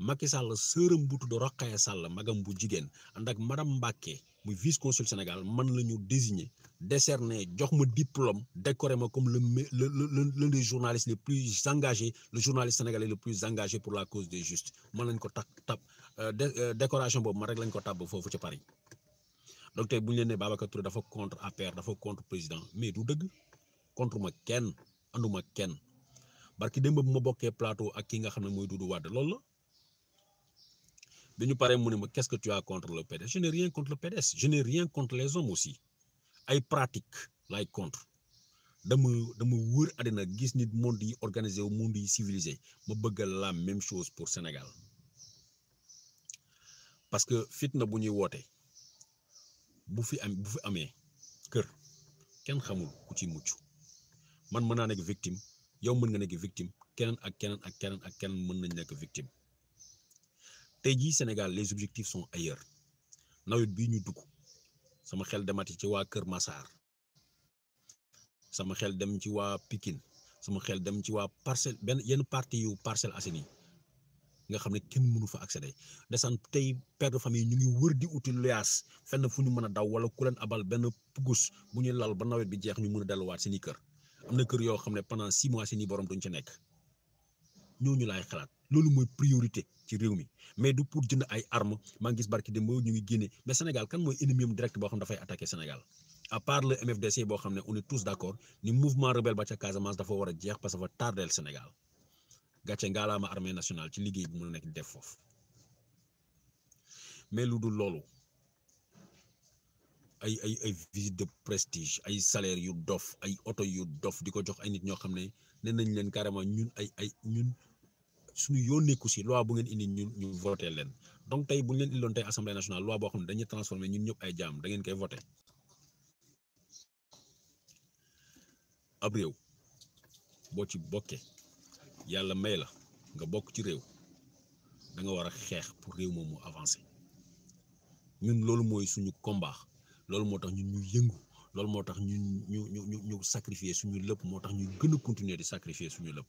Macky Sall sëram bu tudd Rokhaya Sall magam bu jigen. and ak madame Mbacké muy vice consul Sénégal man lañu désigner décerner jox ma diplôme décoré ma comme le le le des journalistes les plus engagés le journaliste sénégalais le plus engagé pour la cause des justes man lañ ko tak tab euh, euh, décoration boobu man rek lañ ko tab fofu ci Paris donc tey bu leen Babacar Touré dafa contre APR dafa contre président mais du dëgg contre ma kenn anduma kenn barki démb bu ma bokké plateau ak ki nga xamné moy mooy Doudou Wade loolu bi paré paree mu qu'est-ce que tu as contre le PDS je n'ai rien contre le PDS je n'ai rien contre les hommes aussi ay pratique lay contre dama dama wër àddina gis nit monde yi organisé au monde yi civilisé ma bëgg la même chose pour Sénégal parce que fitna bu ñuy woote bu fi am bu fi amé kër kenn xamul ku ci mucc man mën nek victime yow mën nga nek victime kenen ak kenen ak kenen ak kenen mën nañ nek victime tayji senegal les objectifs sont ailleurs nawet bi ñu dugg sama xel demati ci wa keur Massar sama xel dem ci wa pikin sama xel dem ci wa parcel ben yene parti yu parcel Assainies nga xamne kenn mënu fa accéder desan tay père de famille ñu ngi wër di outil lias fenn fu ñu mëna daw wala ku leen abal ben pugus bu ñu lal ba nawet bi jeex ñu mëna dal waat seeni kër am na kër yoo pendant 6 mois seeni borom duñ ci ñoo ñu lay xalat lolu moy priorité ci mais du pour jënd ay armes ma ngi gis barki dem ñu ngi guéné mais Sénégal kan moy ennemi direct bo xamne da fay attaquer Sénégal à part le MFDC bo xamne on est tous d'accord ni mouvement rebelle ba ca Casamance da fa wara jeex parce que dafa tardeel Sénégal gàcce ngaalaama armée nationale ci liguey bu mu nek def fof mais lu dul loolu ay ay ay visite de prestige ay salaire yu dof ay auto yu dof diko jox ay nit ñoo xamne leen carrément ñun ay ay ñun. suñu yoon si loi bu ngeen indi ñu ñu voté leen donc tey bu ñu leen indiloon tey assemblée nationale xam ne dañuy transformé ñun ñëpp ay jaam da ngeen koy voté ab réew boo ci bokkee yàlla may la nga bokk ci réew da nga war a xeex pour réew moom mu avancé ñun loolu mooy suñu combat loolu moo tax ñu ñu yëngu loolu moo tax ñu ñu ñu ñu sacrifier suñu lépp moo tax ñu gën a continuer di sacrifier suñu lëpp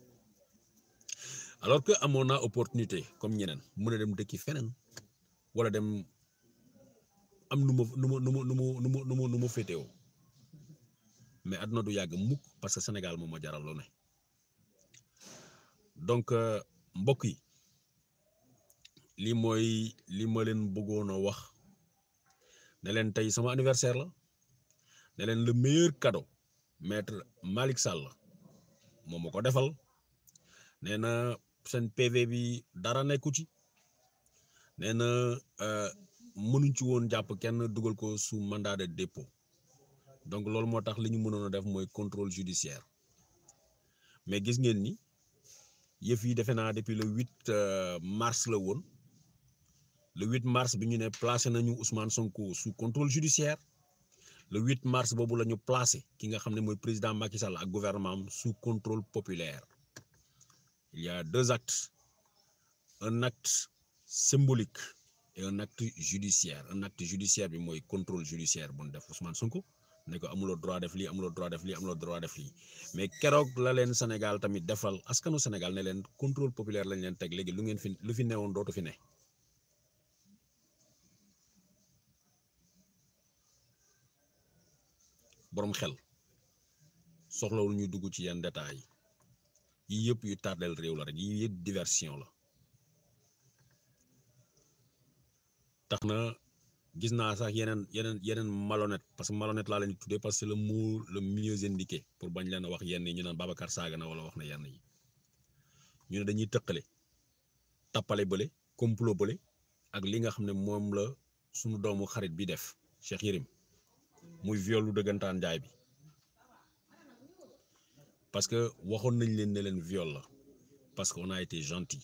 alors que amona opportunity, opportunité comme ñenen mun dem dëkki feneen wala dem am nu numu nu numu nu numu nu ma nu adno nu nu ma féetewoo mais àdduna du yag mukk parce que Sénégal moma jaral lo ne donc euh, mbokk yi li moy li ma leen bëggono wax leen tay sama anniversaire la ne leen le meilleur cadeau maître malik Sall momako defal nee sen PV bi dara nekku ci nee euh mënuñ ci won japp kenn duggal ko su mandat de dépôt donc loolu motax liñu li def moy contrôle judiciaire mais gis ngeen ni yef yi defena depuis le 8 euh, mars le won le 8 mars bi ñu ne placé nañu Ousmane Sonko sous contrôle judiciaire le 8 mars bobu lañu ñu placé ki nga xamné moy président Macky Sall ak gouvernement sous contrôle populaire il y a deux actes. Un acte symbolique et un acte judiciaire. Un acte judiciaire, bi mooy contrôle judiciaire bu ñu def Ousmane Sonko ne a amuloo droit def lii amuloo droit def lii droit de faire. mais keroog la leen Sénégal tamit defal askanu Sénégal ne le contrôle populaire lañ leen teg nous avons ngeen fi lu fi newoon dootu borom xel soxlawul ñu dugg ci détails yii yëpp yu tardel réew la rek yii yëpp diversion la tax na gis naa sax yeneen yeneen yeneen malhonnête parce que malhonnête laa lañu di tuddee parce que le mot le mieux indiqué pour bañ leen wax yenn yi ñu naan Babacar saaga wala wax na yenn ñu ne dañuy tëqale tappale bale complot bële ak li nga xam ne moom la suñu doomu xarit bi def Cheikh Yérim muy violu dëggantaan jaay bi parce que waxon nañ leen ne viol parce que on a été gentil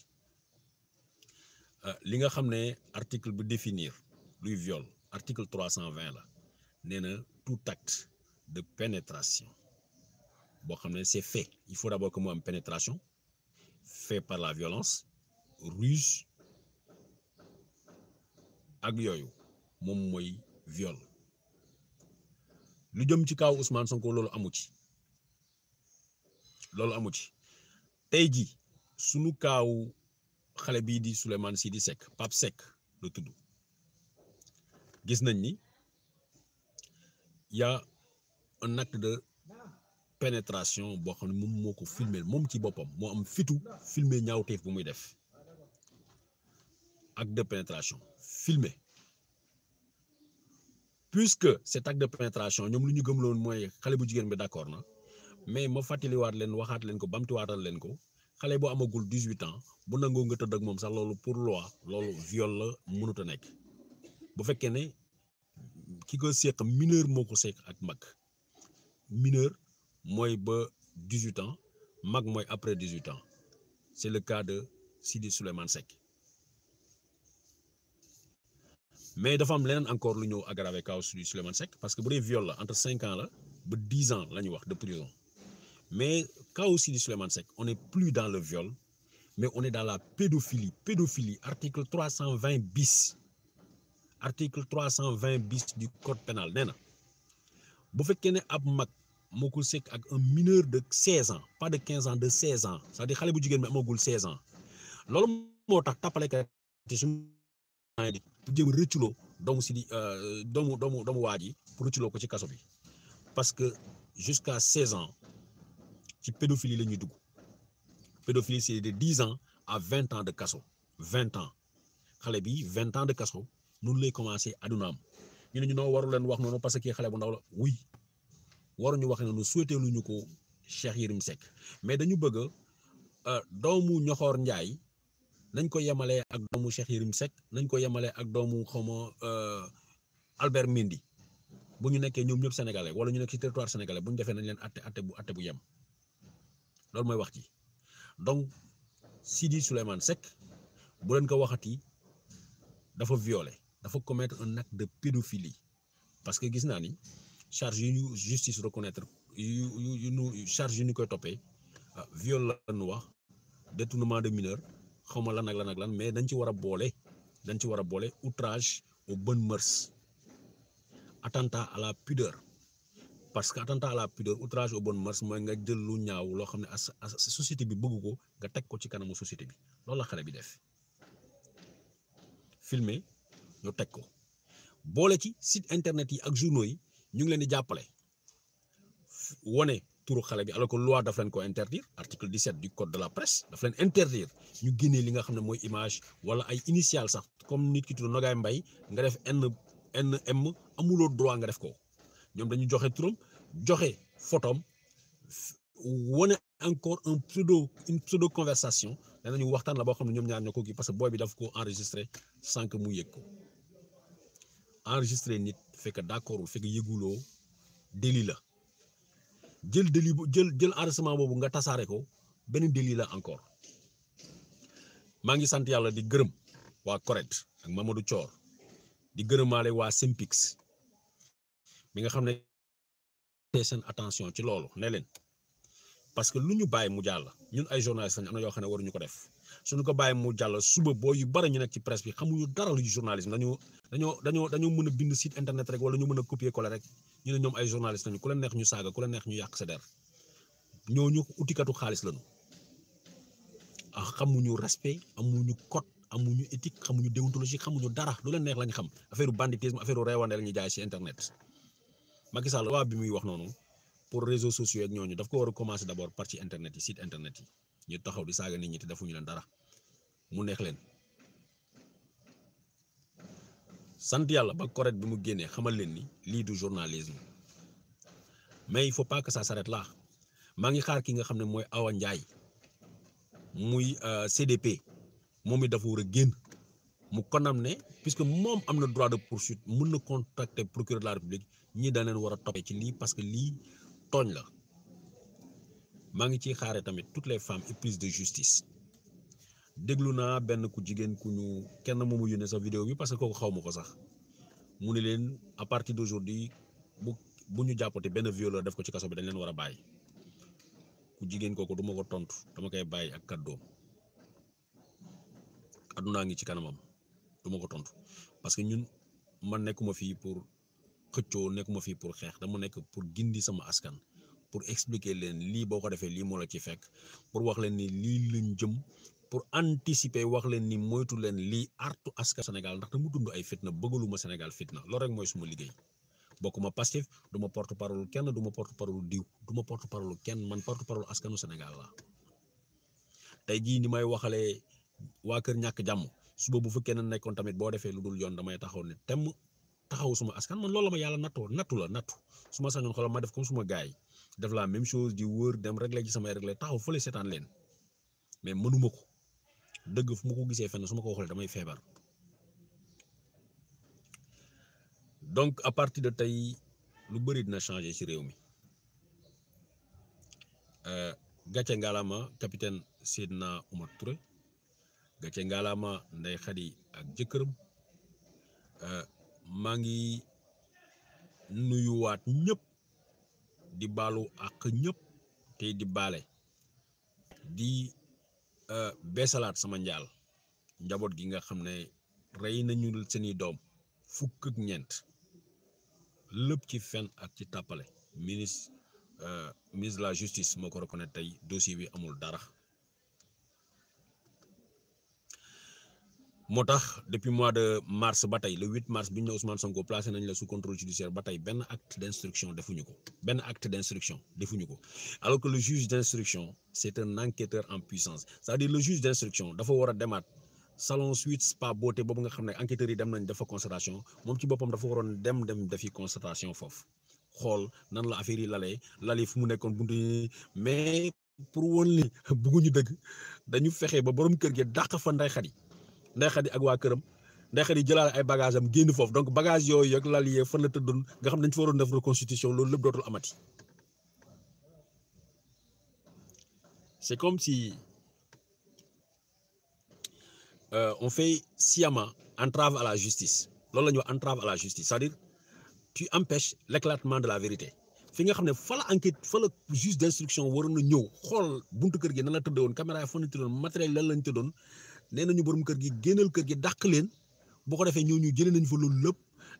euh, li nga xamné article bu définir luy viol article trois cent vingt tout acte de pénétration Bo xamné c'est fait il faut d'abord que moi am pénétration fait par la violence ruse ak yoyou mom moy viol lu jëm ci kaw Ousmane Sonko loolu amu ci lolu amu ci tey jii sunu kaaw xale bi di souleyman Sidi sek pap sek la tudd gis nañ ni y a un acte de pénétration bo xamni mom moko filmer mom ci bopam mo am fitu filmé ñaawteef bu muy def acte de pénétration filmé puisque cet acte de pénétration ñoom lu ñu won moy xale bu jigen bi d'accord na mais ma fàttaliwaat len waxat len ko bamtuwaatal len ko xalé bo amagul 18 ans bu nangoo nga teud ak mom sax lolu pour loi lolu viol la mënut a nekk bu fekke ne kiko ko mineur moko ko ak mag mineur moy ba 18 ans mag moy après 18 ans c'est le cas de Sidi Souleymane Seck mais dafa am lenen encore lu ñeu aggravé kaw Sidi Souleymane Seck parce que bu dee viol la entre cinq ans la ba dix ans lañu wax de prison. Mais cas aussi du Suleiman Sek, on n'est plus dans le viol, mais on est dans la pédophilie. Pédophilie, article 320 bis. Article 320 bis du code pénal. Nena. Bu fekkee ne ab mag moo un mineur de 16 ans pas de 15 ans de 16 ans c'est-à-dire que bu jigéen bi amagul 16 ans a si di euh, doomu doomu doomu pour ko ci kaso parce que jusqu'à 16 ans ci pédophilie la ñuy dugg pédophilie c'est de 10 ans à 20 ans de kaso 20 ans xalé bi 20 ans de kaso nous lay commencé adunaam ñu ñu no waru len wax noonu parce que xalé bu ndaw la oui ñu wax noonu souhaité lu ñuko Cheikh yirim Seck mais dañu bëgg euh doomu ñoxor Njaay nañ ko yemalee ak doomu Cheikh yirim Seck nañ ko yemalee ak doomu xomo euh Albert Mendy bu ñu nekkee ñoom ñëpp sénégalais wala ñu nekk ci territoire sénégalais bu ñu defee nañ leen atté atté bu atté bu yem lool moy wax ci donc Sidi souleyman sek bu len ko waxati dafa violer dafa commettre un acte de pédophilie parce que gis na ni charge yu justice reconnaître yu yu ñu charge ni koy topé ah, viol la ñu wax détournement de mineur xawma lan ak lan ak lan mais dañ ci wara bolé dañ ci wara bolé outrage au bonne mœurs attentat à la pudeur parce que attentat à la pudeur outrage au bon mars moy nga jël lu ñaaw lo xamné as société bi bëgg ko nga tek ko ci kanamu société bi loolu la xalé bi def filmé ñu tek ko boole ci site internet yi ak journaux yi ñu ngi leen di jappalé woné turu xalé bi alors que loi daf leen ko interdire article 17 du code de la presse daf leen interdire ñu génnee li nga xamné moy image wala ay initial sax comme nit ki tudu Nogay Mbay nga def N m amulo droit nga def ko ñom dañu joxé turam joxé photom woné encore un pseudo une pseudo conversation nee nañu waxtaan la bo xamni ñom ñaar ñoo gi parce que boy bi daf ko enregistrer sans que mu yëg ko enregistré nit fekk d'accord fekk yëguloo délit la jël délit bu jël jël enregistrement bobu nga tassaré ko benn délit la encore ma ngi sante yalla di gërëm wa correct ak Mamadou Thior di gërëmaale wa Simpix mi nga xam ne sen attention ci lolu ne len parce que luñu baye mu jàll ñun ay journaliste ñu am na yoo xam waruñu ko def suñu ko baye mu jàll suba bo yu bari ñu nekk ci presse bi xamuñu dara lu journalisme dañu dañu dañu dañu mëna bind site internet rek wala ñu mëna copier coller rek ñu ñom ay journaliste ñu ku leen neex ñu saga ku leen neex ñu yak sa der ñooñu utikatu xaliss lañu ah, xamuñu respect amuñu code amuñu éthique xamuñu déontologie xamuñu dara lu leen neex lañ xam affaire banditisme affaire rewandel ñu jaay ci internet Macky Sall wa bi muy wax noonu pour réseaux sociaux ak ñooñu daf ko wara commencer d'abord par ci internet yi site internet yi ñu taxaw di saga nit ñi te defuñu leen dara mu neex leen sant yalla ba correct bi mu génné xamal leen ni li du journalisme mais il faut pas que ça s'arrête là ma ngi xaar ki nga xam moy Awa ndjay muy euh, CDP momi it dafa war génn. mu condamné puisque mom amna droit de poursuite mën na contacter procureur de la république ñi daan leen war a ci li parce que li togn la ma ngi ci xaaree tamit toutes les femmes éprises de justice déglu ben benn ku jigen ku ñu kenn moomu yone sa vidéo bi parce que koko xaw ma sax mu ne leen à partir d'aujourd'hui bu bu ñu jàppati benn violeur def ko ci kasso bi dañ leen wara a ku jigen koko du ko tontu dama kay bàyyi ak kaddo aduna ngi ci kanamam duma ko tontu parce que ñun man nekkuma fi pour xëccoo nekkuma fi pour xeex dama nekk pour gindi sama askan pour expliquer leen lii boo ko defee lii moo la ci fekk pour wax leen ni lii lañ jëm pour anticiper wax leen ni moytu leen lii artu askan Sénégal ndax dama dund ay fitna bëggaluma Sénégal fitna loolu rek mooy suma liggéey bokkuma Pastef duma porte parole kenn duma porte parole diw duma porte parole kenn man porte parole askanu Sénégal la tey jii ni may waxalee waa kër ñàkk jàmm suba bu naik kenn nekkoon tamit bo defé luddul dul yoon damay taxaw ni tem taxaw suma askan man loolu ma yalla natto natu la nattu suma sangon xolam ma def comme suma gaay def la même chose di wër dem réglé ci sama réglé taxaw fële setan len mais mënuma ko dëgg fu mako gisé fenn suma ko waxee damay fébar donc à partir de tay lu bëri dina changer ci réew mi euh, gatcha ngalama capitaine sidna Oumar Touré gàcce ngalama nday xadi ak euh maa ngi wat ñëpp di balu ak ñëpp te di balé di euh, beesalaat sama njaal njabot gi nga xamné ne rey nañu seeni dom fukk ak ñent lepp ci fen ak ci tapalé ministre euh, ministre de la justice reconnaître tay dossier bi amul dara motax depuis mois de mars bataille le 8 mars bi ñu Ousmane Sonko placé nañ la sous contrôle judiciaire bataille ben acte d'instruction defuñu ko ben acte d'instruction defuñu ko alors que le juge d'instruction c'est un enquêteur en puissance c'est-à-dire le juge d'instruction dafa wara démat salon suite spa beauté bobu nga xamné enquêteur yi dem nañ dafa constatation mom ci bopam dafa waroon dem dem defi constatation fof xol nan la affaire yi lalee lali fu mu nekkon buntu mais pour woon li bugguñu dëgg dañu fexé ba borom kër gi dàq fa nday xat Ndeye Khady ak wa këram Ndeye Khady jëlaale ay bagage am génn foofu donc bagage yoy ak lal yee fan la tëddoon nga xam dañ fa waroon def reconstitution loolu lepp dotul amati c'est comme si euh, on fait sciemment entrave à la justice loolu lañu ñuy entrave à la justice c'est-à-dire tu empêches l'éclatement de la vérité fi nga xam fa la enquête fa la juge d'instruction waroon na ñëw xool buntu kër gi nan la tëddoon caméra yi fan la matériel lan lañ tëddoon nee nañu borom kër gi génnal kër gi dàq leen bu ko defee ñoo ñu jëlee nañ fa loolu lépp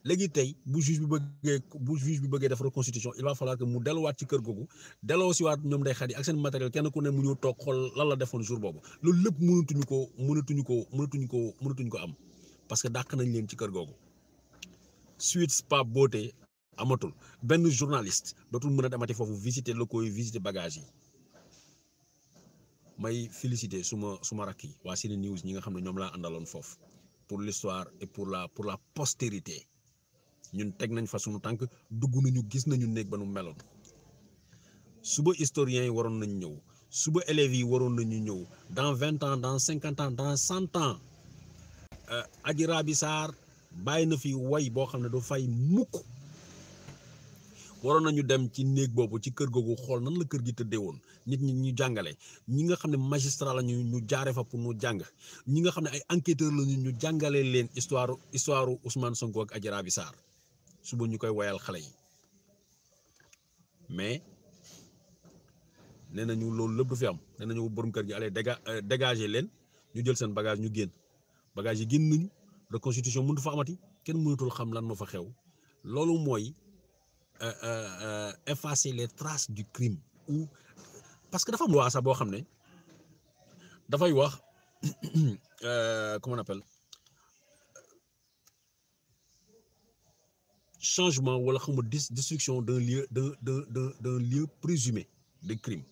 léegi tey bu juge bi bëggee bu juge bi bëggee def reconstitution il va falloir que mu delluwaat ci kër googu delloo si waat ñoom day xat yi ak seen matériel kenn ku ne mu ñëw toog xool lan la defoon jour boobu loolu lépp mënatuñu ko mënatuñu ko mënatuñu ko mënatuñu ko am parce que dàq nañ leen ci kër googu suite spa beauté amatul benn journaliste dootul mën a demati foofu visiter locaux yi visiter bagage yi may féliciter suma suma rak yi Sene News ñi nga xamne ñom la andalon fof pour l'histoire et pour la pour la postérité ñun tek nañ fa suñu tank duggu nañu gis nañu nek banu nu suba historien yi waron nañ ñew suba élève yi waron nañu ñew dans 20 ans dans 50 ans dans 100 ans euh, Adji Raby Sarr fi way bo xamne do fay mukk waro nañu dem ci neeg bobu ci kër gogu xol nan la kër gi tedde won nit ñi ñu jàngale ñi nga xamné ne magistrat la ñu ñu jaare fa pour ñu jàng ñi nga xamné ne ay enquêteur la ñu ñu jàngale leen histoire histoire Ousmane Sonko ak Adjara Bissar Sarr suba ñukoy wayal xalé yi mais nenañu nañu loolu lépp du fi am nenañu nañu borom kër gi allez euh, dégager leen ñu jël seen bagage ñu genn bagage yi genn nañu reconstitution mënu fa amati kenn xam lan mo fa xew lolu moy Euh, euh, euh, effacer les traces du crime ou parce que dafa am loi sax boo xam ne dafay wax euh, comment on appelle changement wala la destruction d'un lieu d'un de d'un lieu présumé de crime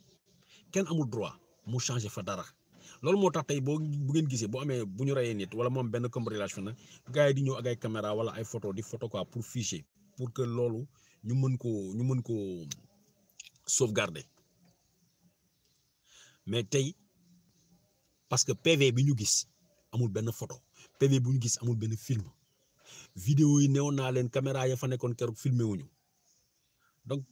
kenn amul droit mu changer fa dara loolu moo tax tey boo bu ngeen gisee bo amé buñu rayé nit wala moom benn cambriolage na gars yi di ñëw ak ay caméra wala ay photo di photo quoi pour ficher pour que loolu ñu mën koo ñu mën koo sauvegarder mais tay parce que PV bi ñu gis amul ben photo PV bu ñu gis amul ben film vidéo yi neewoon naa leen caméra ya fa nekkoon keroog filmé wuñu donc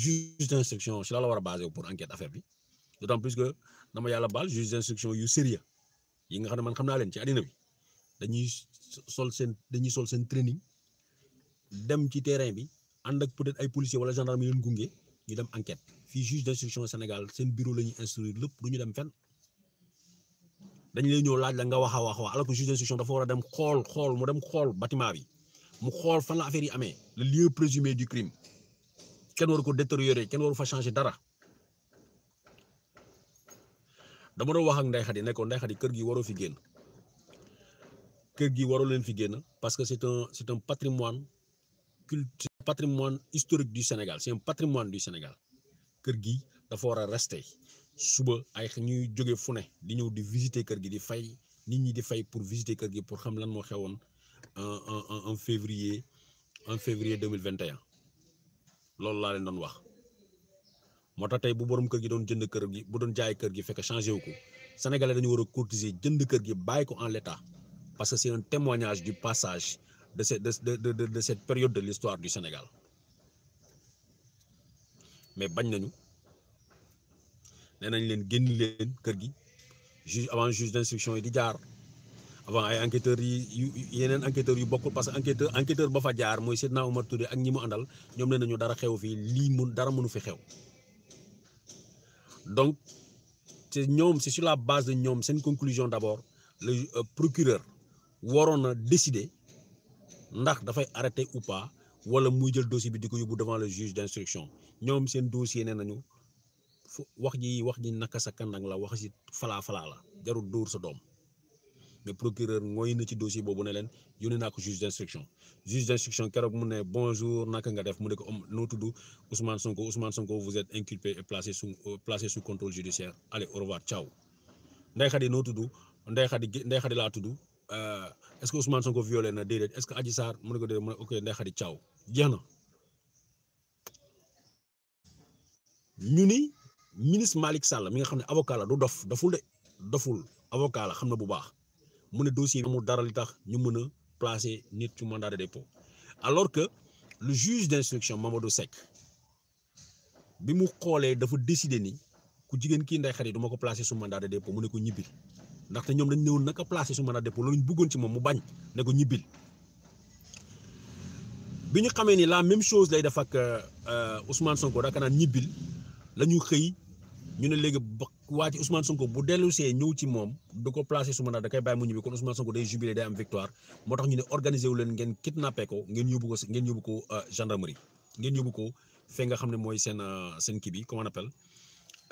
juge d'instruction si la wara war basé pour enquête affaire bi d'autant plus que dama yalla bal juge d'instruction yu sérieux yi nga xam ne man xam naa leen ci adina bi dañuy sol sen dañuy sol sen training dem ci terrain bi ànd ak peut-être ay policiers wala gendarme yu leen gunge ñu dem enquête fii juge d'instruction Sénégal seen bureau la ñuy instruire lépp du ñu dem fen dañ lay ñëw laaj la nga wax a wax wax alors que juge d'instruction dafa war a dem xool xool mu dem xool bâtiment bi mu xool fan la affaire yi amee le lieu présumé du crime kenn war ko détériorer kenn waru fa changer dara dama doon wax ak Ndeye Khady nekkoon ko Ndeye kër gi waroo fi génn kër gi waroo leen fi génn parce que c'est un c'est un patrimoine historique du Sénégal c'est un patrimoine du Sénégal kër gi dafa wara rester suba ay ñuy joggé fune di ñëw di visiter kër gi di fay nit ñi di fay pour visiter kër gi pour xam lan mo en en en février en février 2021. mille la et leen don wax moo tay bu borom kër gi jënd kër gi bu doon jaay kër gi fekk sénégalais dañu wara courtiser jënd kër gi en l'état parce que c'est un témoignage du passage de, ce, de, de, de, de cette période de l'histoire du Sénégal. Mais bañ nañu nee nañ leen génn leen kër gi juge avant juge d'instruction yi di jaar avant ay enquêteurs yi yeneen enquêteurs yu bokul parce que enquêteur enquêteur ba fa jaar mooy Sidna Omar Touré ak ñi mu àndal ñoom nee nañu dara xew fi lii mun dara mënu fi xew donc c'est ñoom c'est sur la base de ñoom seen conclusion d'abord le euh, procureur waroon a décider ndax fay arrêté ou pas wala muy jël dossier bi diko devant le juge d'instruction ñom seen dossier nenañu wax ji wax ji naka sa kandang la wax si falla falla la jarul door sa dom mais procureur ngoy na ci dossier bobu ne len yone nako juge d'instruction juge d'instruction keroog mu ne bonjour naka nga def mu ne ko um, no Ousmane Sonko Ousmane Sonko vous êtes inculpé et placé sous euh, placé sous contrôle judiciaire allez au revoir ciao xadi no noo tudd xadi Khady xadi la laa euh est ce que Ousmane Sonko violé na déedéet est ce que Adji Sarr mon ko déedéet mu ne ok Ndeye Khady Thiaw jeex na ñu ni ministre Malik Sall mi nga xamné avocat la du dof doful de doful avocat la xamna bu baax mu ne dossier bi amul dara li tax ñu mëna placer nit ci mandat de dépôt alors que le juge d'instruction Mamadou Seck bi mu xolé dafa décider ni ku jigen ki Ndeye Khady duma ko placer su mandat de dépôt mu ne ko ñibbi. ndaxte ñoom dañ new naka placé su mën a dépôt loolu ñu bëggoon ci moom mu bañ ne ko ñibbil bi ñu xamee ni la même chose lay def ak euh, Ousmane Sonko daaka naan ñibbil la ñu xëy ñu ne léegi ba waa ci Ousmane ko bu dellusee ñëw ci moom du ko placé su mën a da koy bàyyi mu ñibbi kon Ousmane Sonko day jubilé day am victoire moo tax ñu ne organisé wu leen ngeen kidnappé ko ngeen yóbbu ko ngeen yóbbu ko euh, gendarmerie ngeen yóbbu ko fee nga xam ne mooy seen euh, seen kii bi comment on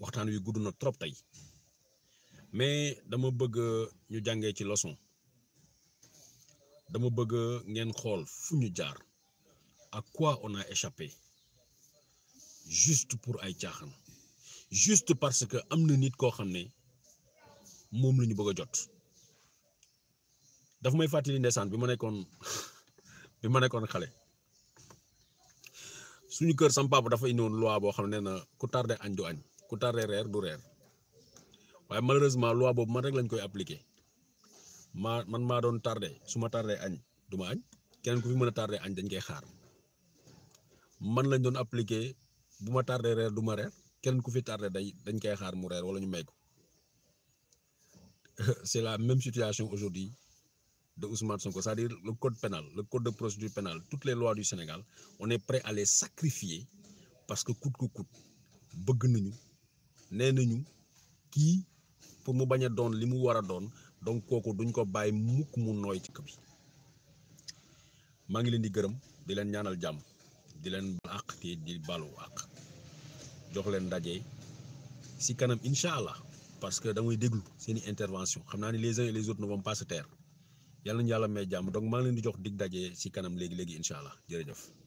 waxtaan wi gudd trop tay mais dama bëgg ñu jàngé ci leçon dama bëgg ngeen xool fu ñu jaar à quoi on a échappé juste pour ay caaxaan juste parce que amna nit ko xamné mom lañu bëgg jot daf may fatali ndeysaan bima nekkon bima nekkon xalé suñu kër sam papa dafa indi won loi bo xamné na ku tardé andu ku tardé du rer waaye malheureusement loi boobu man rek lañ koy appliquer maa man ma don tardé suma ma tardé añ du ma añ ku fi meuna a tardé añ dañ koy xaar man lañ don appliquer buma ma tardé reer du ma reer ku fi tardé day dañ koy xaar mu rer wala ñu may ko c'est la même situation aujourd'hui de Ousmane Sonko c'est-à-dire le code pénal le code de procédure pénale toutes les lois du Sénégal on est prêt à les sacrifier parce que coûte que coûte bëgg nañu. nenañu ki, kii pour mu baña don, limu wara don donc kooku duñ ko bay mukk mu noy ci bi ma ngi len di gërem di len ñaanal jamm di len ak di balu ak jox len ndaje si kanam inshallah allah parce que damay déglu seen intervention xamna ni les uns et les autres ne vont pas se taire yalla ñu yalla may jamm donc ma ngi len di jox dig dajé si kanam légui légui inshallah allah jërëjëf.